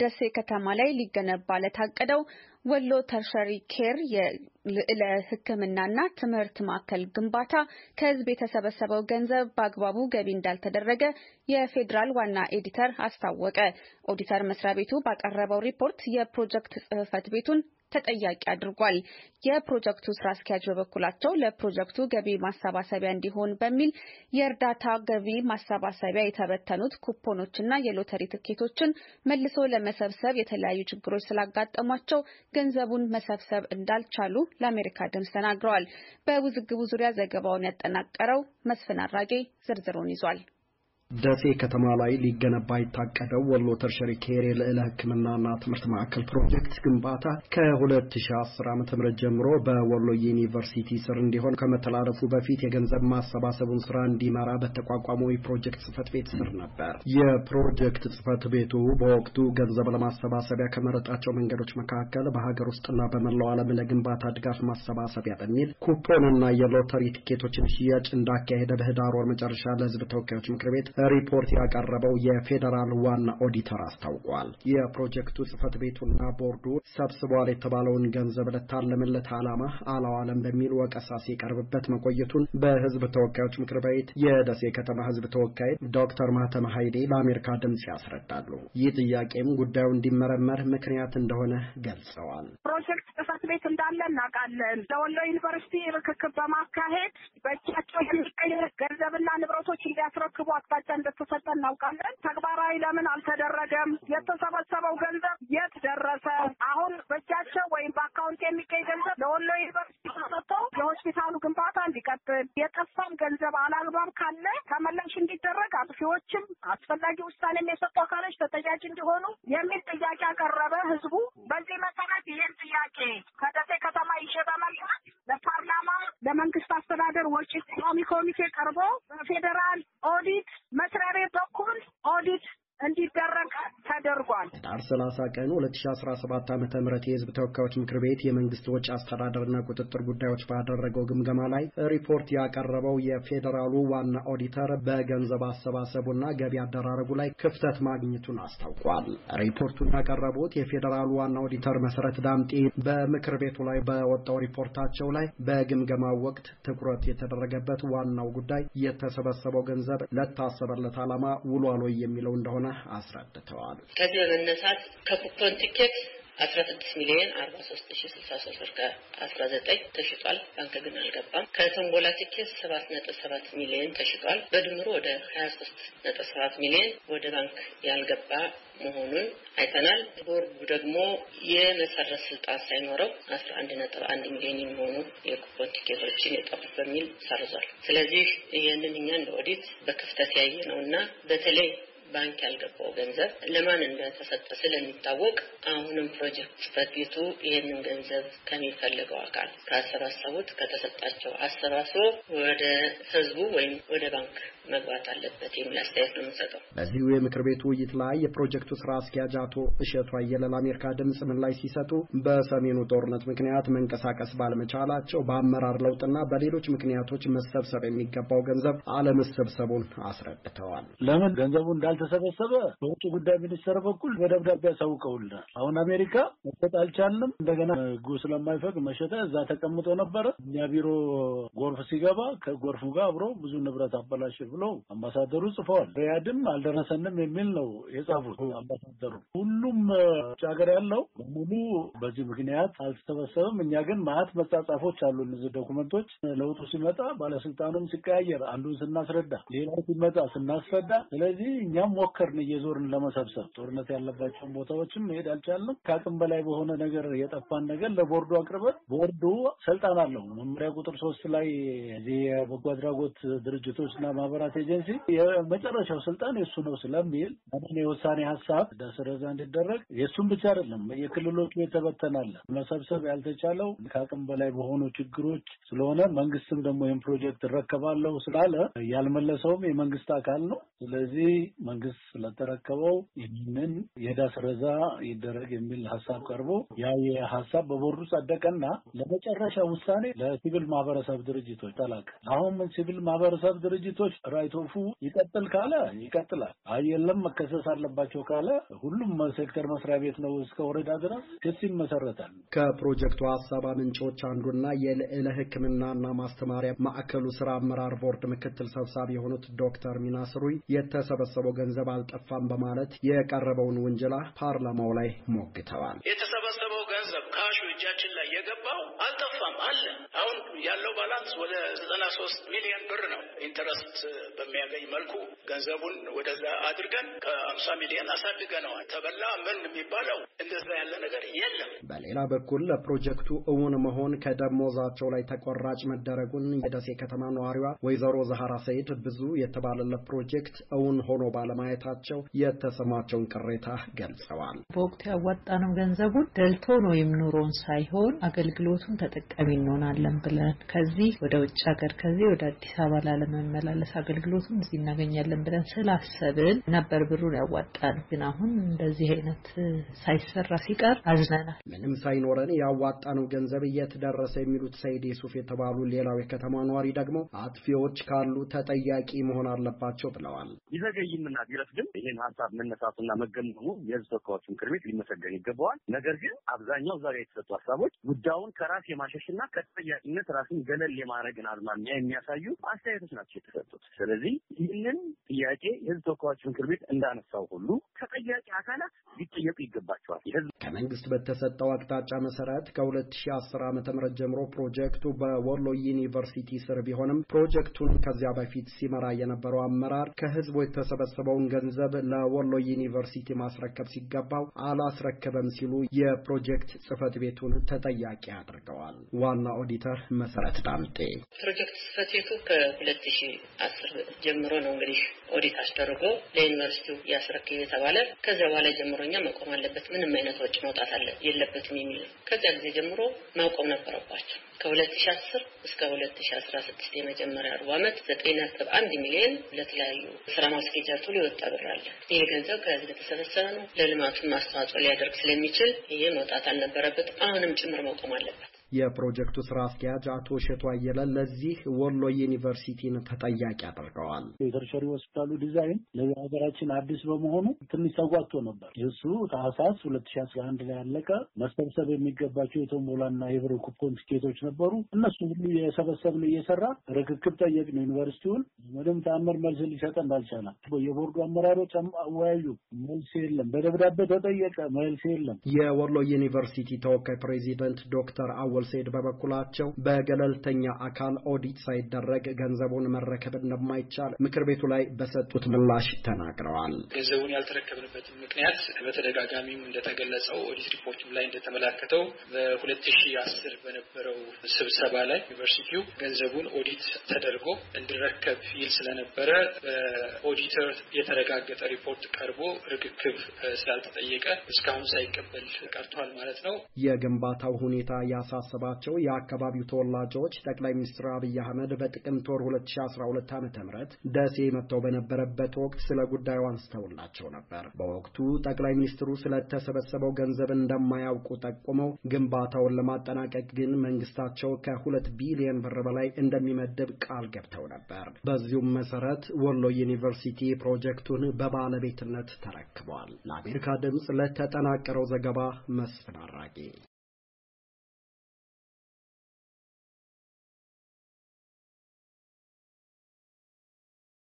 ደሴ ከተማ ላይ ሊገነባ ለታቀደው ወሎ ተርሸሪ ኬር ለሕክምናና ትምህርት ማዕከል ግንባታ ከህዝብ የተሰበሰበው ገንዘብ በአግባቡ ገቢ እንዳልተደረገ የፌዴራል ዋና ኤዲተር አስታወቀ። ኦዲተር መስሪያ ቤቱ ባቀረበው ሪፖርት የፕሮጀክት ጽህፈት ቤቱን ተጠያቂ አድርጓል። የፕሮጀክቱ ስራ አስኪያጅ በበኩላቸው ለፕሮጀክቱ ገቢ ማሰባሰቢያ እንዲሆን በሚል የእርዳታ ገቢ ማሰባሰቢያ የተበተኑት ኩፖኖችና የሎተሪ ትኬቶችን መልሶ ለመሰብሰብ የተለያዩ ችግሮች ስላጋጠሟቸው ገንዘቡን መሰብሰብ እንዳልቻሉ ለአሜሪካ ድምፅ ተናግረዋል። በውዝግቡ ዙሪያ ዘገባውን ያጠናቀረው መስፍን አራጌ ዝርዝሩን ይዟል። ደሴ ከተማ ላይ ሊገነባ የታቀደው ወሎ ተርሸሪ ኬሬ የልዕለ ሕክምናና ትምህርት ማዕከል ፕሮጀክት ግንባታ ከ2010 ዓ ጀምሮ በወሎ ዩኒቨርሲቲ ስር እንዲሆን ከመተላለፉ በፊት የገንዘብ ማሰባሰቡን ስራ እንዲመራ በተቋቋመው የፕሮጀክት ጽህፈት ቤት ስር ነበር። የፕሮጀክት ጽህፈት ቤቱ በወቅቱ ገንዘብ ለማሰባሰቢያ ከመረጣቸው መንገዶች መካከል በሀገር ውስጥና በመላው ዓለም ለግንባታ ድጋፍ ማሰባሰቢያ በሚል ኩፖንና የሎተሪ ትኬቶችን ሽያጭ እንዳካሄደ በህዳር ወር መጨረሻ ለህዝብ ተወካዮች ምክር ቤት ሪፖርት ያቀረበው የፌዴራል ዋና ኦዲተር አስታውቋል። የፕሮጀክቱ ጽህፈት ቤቱና ቦርዱ ሰብስቧል የተባለውን ገንዘብ ለታለመለት ዓላማ አላዋለም በሚል ወቀሳ ሲቀርብበት መቆየቱን በህዝብ ተወካዮች ምክር ቤት የደሴ ከተማ ህዝብ ተወካይ ዶክተር ማህተመ ኃይሌ ለአሜሪካ ድምፅ ያስረዳሉ። ይህ ጥያቄም ጉዳዩ እንዲመረመር ምክንያት እንደሆነ ገልጸዋል። ፕሮጀክት ጽህፈት ቤት እንዳለ እናውቃለን። ለወሎ ዩኒቨርሲቲ ርክክብ በማካሄድ በእጃቸው የሚገኝ ገንዘብና ንብረቶች እንዲያስረክቡ አቅጣጫ አቅጣጫ እንደተሰጠ እናውቃለን። ተግባራዊ ለምን አልተደረገም? የተሰበሰበው ገንዘብ የት ደረሰ? አሁን በእጃቸው ወይም ከአካውንት የሚገኝ ገንዘብ ለወሎ ዩኒቨርሲቲ ተሰጥቶ የሆስፒታሉ ግንባታ እንዲቀጥል የጠፋም ገንዘብ አላግባብ ካለ ተመላሽ እንዲደረግ አጥፊዎችም አስፈላጊ ውሳኔም የሰጡ አካሎች ተጠያቂ እንዲሆኑ የሚል ጥያቄ አቀረበ ህዝቡ በዚህ መሰረት ይህን ጥያቄ ከደሴ ከተማ ይዤ በመልማት ለፓርላማ ለመንግስት አስተዳደር ወጪ ቋሚ ኮሚቴ ቀርቦ በፌዴራል ኦዲት መስሪያ ቤት በኩል ኦዲት እንዲደረግ ተደርጓል። ዳር 30 ቀን 2017 ዓ ም የህዝብ ተወካዮች ምክር ቤት የመንግስት ወጪ አስተዳደርና ቁጥጥር ጉዳዮች ባደረገው ግምገማ ላይ ሪፖርት ያቀረበው የፌዴራሉ ዋና ኦዲተር በገንዘብ አሰባሰቡና ገቢ አደራረጉ ላይ ክፍተት ማግኘቱን አስታውቋል። ሪፖርቱን ያቀረቡት የፌዴራሉ ዋና ኦዲተር መሰረት ዳምጤ በምክር ቤቱ ላይ በወጣው ሪፖርታቸው ላይ በግምገማው ወቅት ትኩረት የተደረገበት ዋናው ጉዳይ የተሰበሰበው ገንዘብ ለታሰበለት ዓላማ ውሏል ወይ የሚለው እንደሆነ እንደሆነ አስረድተዋል። ከዚህ በመነሳት ከኩፖን ቲኬት አስራ ስድስት ሚሊዮን አርባ ሶስት ሺ ስልሳ ሶስት ብር ከአስራ ዘጠኝ ተሽጧል። ባንክ ግን አልገባም። ከቶምቦላ ቲኬት ሰባት ነጥብ ሰባት ሚሊዮን ተሽጧል። በድምሩ ወደ ሀያ ሶስት ነጥብ ሰባት ሚሊዮን ወደ ባንክ ያልገባ መሆኑን አይተናል። ቦርዱ ደግሞ የመሰረት ስልጣን ሳይኖረው አስራ አንድ ነጥብ አንድ ሚሊዮን የሚሆኑ የኩፖን ቲኬቶችን የጠፉ በሚል ሰርዟል። ስለዚህ ይህንን እኛ እንደ ኦዲት በክፍተት ያየ ነው እና በተለይ ባንክ ያልገባው ገንዘብ ለማን እንደተሰጠ ስለሚታወቅ አሁንም ፕሮጀክት በፊቱ ቤቱ ይህንን ገንዘብ ከሚፈልገው አካል ካሰባሰቡት ከተሰጣቸው አሰባስቦ ወደ ህዝቡ ወይም ወደ ባንክ መግባት አለበት የሚል አስተያየት ነው የምንሰጠው። በዚሁ የምክር ቤቱ ውይይት ላይ የፕሮጀክቱ ስራ አስኪያጅ አቶ እሸቱ አየለ ለአሜሪካ ምን ላይ ሲሰጡ በሰሜኑ ጦርነት ምክንያት መንቀሳቀስ ባለመቻላቸው በአመራር ለውጥና በሌሎች ምክንያቶች መሰብሰብ የሚገባው ገንዘብ አለመሰብሰቡን አስረድተዋል። ለምን ገንዘቡ እንዳልተ ስለተሰበሰበ በውጭ ጉዳይ ሚኒስቴር በኩል በደብዳቤ ያሳውቀውልናል። አሁን አሜሪካ መሸጥ አልቻልንም፣ እንደገና ህጉ ስለማይፈቅ መሸጠ እዛ ተቀምጦ ነበረ። እኛ ቢሮ ጎርፍ ሲገባ ከጎርፉ ጋር አብሮ ብዙ ንብረት አበላሽ ብለው አምባሳደሩ ጽፈዋል። ሪያድም አልደረሰንም የሚል ነው የጻፉት አምባሳደሩ። ሁሉም ውጭ ሀገር ያለው በሙሉ በዚህ ምክንያት አልተሰበሰብም። እኛ ግን ማአት መጻጻፎች አሉ እነዚህ ዶኩመንቶች ለውጡ ሲመጣ ባለስልጣኑም ሲቀያየር አንዱን ስናስረዳ ሌላው ሲመጣ ስናስረዳ ስለዚህ እኛ እንዲያውም ሞከርን እየዞርን ለመሰብሰብ ጦርነት ያለባቸውን ቦታዎችም መሄድ አልቻለም። ከአቅም በላይ በሆነ ነገር የጠፋን ነገር ለቦርዱ አቅርበን ቦርዱ ስልጣን አለው መመሪያ ቁጥር ሶስት ላይ እዚህ የበጎ አድራጎት ድርጅቶችና ማህበራት ኤጀንሲ የመጨረሻው ስልጣን የእሱ ነው ስለሚል የውሳኔ ሀሳብ ዳሰረዛ እንዲደረግ የእሱን ብቻ አይደለም የክልሎቹ የተበተናለ መሰብሰብ ያልተቻለው ከአቅም በላይ በሆኑ ችግሮች ስለሆነ መንግስትም ደግሞ ይህን ፕሮጀክት እረከባለሁ ስላለ ያልመለሰውም የመንግስት አካል ነው። ስለዚህ መንግስት ስለተረከበው ይህንን የዕዳ ስረዛ ይደረግ የሚል ሀሳብ ቀርቦ ያ የሀሳብ በቦርዱ ጸደቀና ለመጨረሻ ውሳኔ ለሲቪል ማህበረሰብ ድርጅቶች ተላከ። አሁን ሲቪል ማህበረሰብ ድርጅቶች ራይቶፉ ይቀጥል ካለ ይቀጥላል። አይ የለም መከሰስ አለባቸው ካለ ሁሉም ሴክተር መስሪያ ቤት ነው እስከ ወረዳ ድረስ ክስ ይመሰረታል። ከፕሮጀክቱ ሀሳብ ምንጮች አንዱና የልዕለ ሕክምናና ማስተማሪያ ማዕከሉ ስራ አመራር ቦርድ ምክትል ሰብሳቢ የሆኑት ዶክተር ሚናስሩይ የተሰበሰበው ገንዘብ አልጠፋም በማለት የቀረበውን ውንጀላ ፓርላማው ላይ ሞግተዋል። ገንዘብ ካሹ እጃችን ላይ የገባው አልጠፋም፣ አለ። አሁን ያለው ባላንስ ወደ ዘጠና ሶስት ሚሊዮን ብር ነው። ኢንተረስት በሚያገኝ መልኩ ገንዘቡን ወደዛ አድርገን ከአምሳ ሚሊዮን አሳድገነዋል። ተበላ ምን የሚባለው እንደዛ ያለ ነገር የለም። በሌላ በኩል ለፕሮጀክቱ እውን መሆን ከደሞዛቸው ላይ ተቆራጭ መደረጉን የደሴ ከተማ ነዋሪዋ ወይዘሮ ዛሃራ ሰይድ ብዙ የተባለለት ፕሮጀክት እውን ሆኖ ባለማየታቸው የተሰማቸውን ቅሬታ ገልጸዋል። በወቅቱ ያዋጣነው ገንዘቡን ደልቶ ነው ወይም ኑሮን ሳይሆን አገልግሎቱን ተጠቃሚ እንሆናለን ብለን ከዚህ ወደ ውጭ ሀገር ከዚህ ወደ አዲስ አበባ ላለመመላለስ አገልግሎቱን እዚህ እናገኛለን ብለን ስላሰብን ነበር ብሩን ያዋጣን። ግን አሁን እንደዚህ አይነት ሳይሰራ ሲቀር አዝነናል። ምንም ሳይኖረን ያዋጣነው ገንዘብ የት ደረሰ? የሚሉት ሰይድ ሱፍ የተባሉ ሌላው የከተማ ነዋሪ ደግሞ አጥፊዎች ካሉ ተጠያቂ መሆን አለባቸው ብለዋል። ይዘገይምና ቢረስ ግን ይህን ሀሳብ መነሳቱና መገምገሙ የህዝብ ተወካዮች ምክር ቤት ሊመሰገን ይገባዋል። ነገር ግን አብዛኛው አብዛኛው ዛሬ የተሰጡ ሀሳቦች ጉዳዩን ከራስ የማሸሽና ከተጠያቂነት ራስን ገለል የማድረግን አዝማሚያ የሚያሳዩ አስተያየቶች ናቸው የተሰጡት። ስለዚህ ይህንን ጥያቄ የህዝብ ተወካዮች ምክር ቤት እንዳነሳው ሁሉ ተጠያቂ አካላት ሊጠየቁ ይገባል። ተሰጥቷል። ከመንግስት በተሰጠው አቅጣጫ መሰረት ከ2010 ዓ ም ጀምሮ ፕሮጀክቱ በወሎ ዩኒቨርሲቲ ስር ቢሆንም ፕሮጀክቱን ከዚያ በፊት ሲመራ የነበረው አመራር ከህዝቡ የተሰበሰበውን ገንዘብ ለወሎ ዩኒቨርሲቲ ማስረከብ ሲገባው አላስረከበም ሲሉ የፕሮጀክት ጽህፈት ቤቱን ተጠያቂ አድርገዋል። ዋና ኦዲተር መሰረት ዳምጤ ፕሮጀክት ጽህፈት ቤቱ ከ2010 ጀምሮ ነው እንግዲህ ኦዲት አስደርጎ ለዩኒቨርሲቲው ያስረክብ የተባለ ከዚያ በኋላ ጀምሮኛ መቆም አለበት ምን ምንም አይነት ወጪ መውጣት የለበትም የሚል ነው። ከዚያ ጊዜ ጀምሮ ማቆም ነበረባቸው። ከ2010 እስከ 2016 የመጀመሪያ ሩብ ዓመት 9.1 ሚሊዮን ለተለያዩ ስራ ማስኬጃ ቱል ይወጣ ብር አለ። ይህ ገንዘብ ከህዝብ የተሰበሰበ ነው። ለልማቱን ማስተዋጽኦ ሊያደርግ ስለሚችል ይህ መውጣት አልነበረበት። አሁንም ጭምር መቆም አለበት። የፕሮጀክቱ ስራ አስኪያጅ አቶ ሸቶ አየለ ለዚህ ወሎ ዩኒቨርሲቲን ተጠያቂ አድርገዋል። የተርሸሪ ሆስፒታሉ ዲዛይን ለሀገራችን አዲስ በመሆኑ ትንሽ ተጓቶ ነበር። እሱ ታህሳስ ሁለት ሺ አስራ አንድ ላይ ያለቀ መሰብሰብ የሚገባቸው የቶምቦላና የብር ኩፖን ትኬቶች ነበሩ። እነሱ ሁሉ የሰበሰብን እየሰራ ርክክብ ጠየቅን ዩኒቨርሲቲውን። ምንም ተአምር መልስ ሊሰጠ አልቻለም። የቦርዱ አመራሮች አወያዩ፣ መልስ የለም። በደብዳቤ ተጠየቀ፣ መልስ የለም። የወሎ ዩኒቨርሲቲ ተወካይ ፕሬዚደንት ዶክተር አወል አምባሳደር በበኩላቸው በገለልተኛ አካል ኦዲት ሳይደረግ ገንዘቡን መረከብ እንደማይቻል ምክር ቤቱ ላይ በሰጡት ምላሽ ተናግረዋል። ገንዘቡን ያልተረከብንበት ምክንያት በተደጋጋሚም እንደተገለጸው ኦዲት ሪፖርቱም ላይ እንደተመላከተው በሁለት ሺ አስር በነበረው ስብሰባ ላይ ዩኒቨርሲቲው ገንዘቡን ኦዲት ተደርጎ እንዲረከብ ይል ስለነበረ በኦዲተር የተረጋገጠ ሪፖርት ቀርቦ ርክክብ ስላልተጠየቀ እስካሁን ሳይቀበል ቀርቷል ማለት ነው። የግንባታው ሁኔታ ያሳ ያሳሰባቸው የአካባቢው ተወላጆች ጠቅላይ ሚኒስትር አብይ አህመድ በጥቅምት ወር 2012 ዓ ም ደሴ መጥተው በነበረበት ወቅት ስለ ጉዳዩ አንስተውላቸው ነበር። በወቅቱ ጠቅላይ ሚኒስትሩ ስለተሰበሰበው ገንዘብ እንደማያውቁ ጠቁመው ግንባታውን ለማጠናቀቅ ግን መንግስታቸው ከሁለት ቢሊዮን ብር በላይ እንደሚመድብ ቃል ገብተው ነበር። በዚሁም መሰረት ወሎ ዩኒቨርሲቲ ፕሮጀክቱን በባለቤትነት ተረክቧል። ለአሜሪካ ድምፅ ለተጠናቀረው ዘገባ መስፍን አራጌ